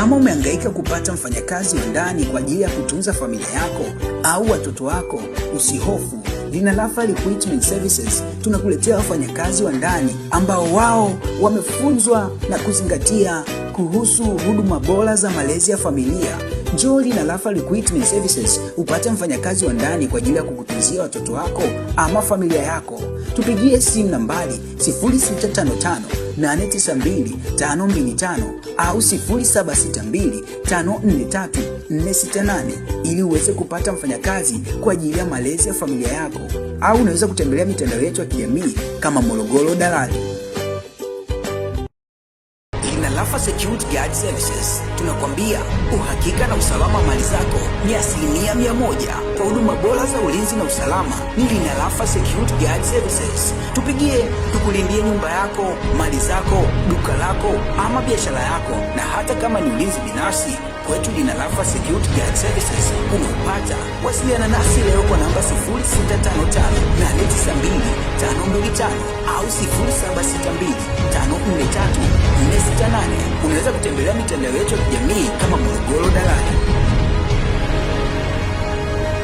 Kama umehangaika kupata mfanyakazi wa ndani kwa ajili ya kutunza familia yako au watoto wako, usihofu. Linalafa Recruitment Services tunakuletea wafanyakazi wa ndani ambao wao wamefunzwa na kuzingatia kuhusu huduma bora za malezi ya familia. na Linalafa Recruitment Services upate mfanyakazi wa ndani kwa ajili ya kukutunzia watoto wako ama familia yako. Tupigie simu nambari 0655 au 0762 ili uweze kupata mfanyakazi kwa ajili ya malezi ya familia yako, au unaweza kutembelea mitandao yetu ya kijamii kama Morogoro Dalali na Lafa Security Guard Services tunakwambia uhakika na usalama wa mali zako ni asilimia mia moja. Kwa huduma bora za ulinzi na usalama ni Lafa Security Guard Services. Tupigie tukulindie nyumba yako, mali zako, duka lako ama biashara yako, na hata kama ni ulinzi binafsi kwetu Lafa Security Guard Services unaupata. Wasiliana nasi leo kwa namba 0655 au 0762 543 unaweza kutembelea mitandao yetu ya kijamii kama Morogoro Dalali.